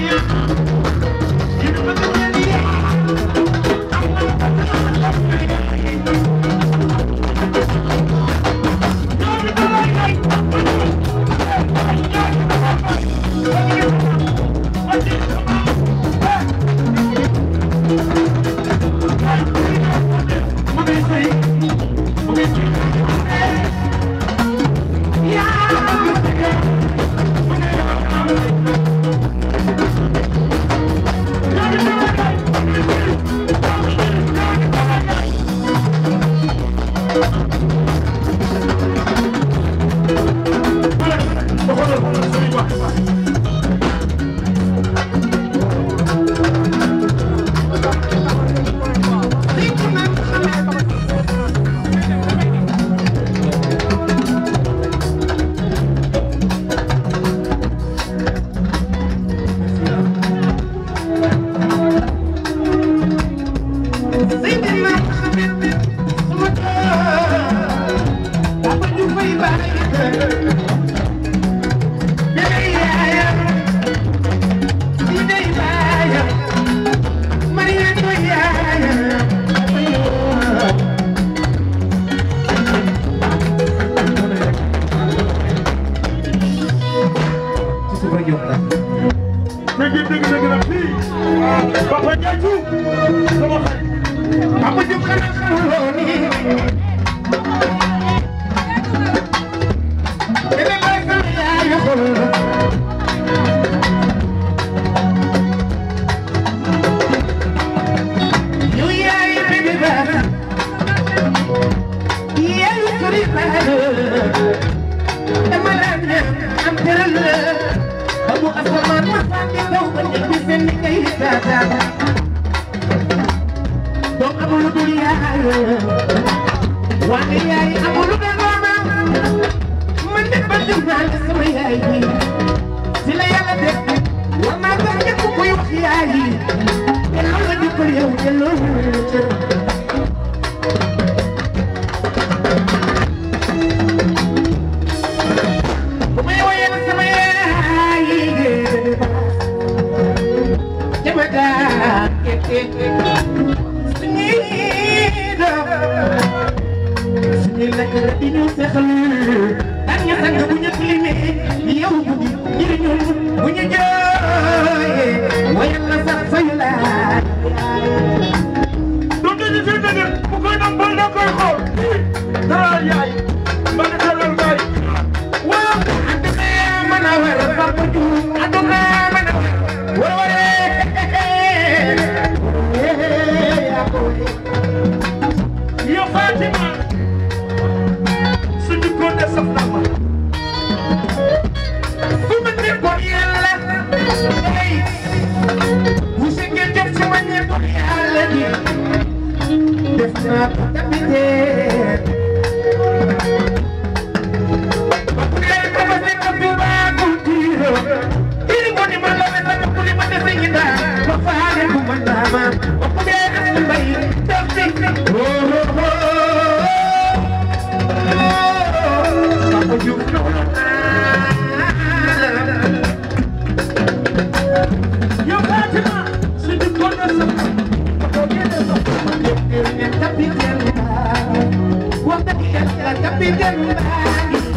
you. wa jaju sama xarit Papa Diop xanaa xamuloo ni bébé bàyyi sama yaayu xol yow yaayu bébé bana yaayu suri bana dama la neex am teral ba mu asamaan ma sànni kaw ba ñu gis ne ni ngay wala yaay amul lu ma man de ba dem naa la sama yaay bi si la yàlla def war naa doon ñëpp kuy wax yaay yi te loolu la dimbali yow te loolu la cër Thank you. dem suñu lekk rek di ñu seqal ak ñu sang bu ñu tilimee yow guddi jëriñu bu ñu jooyee wayal na Mama. tapi dembang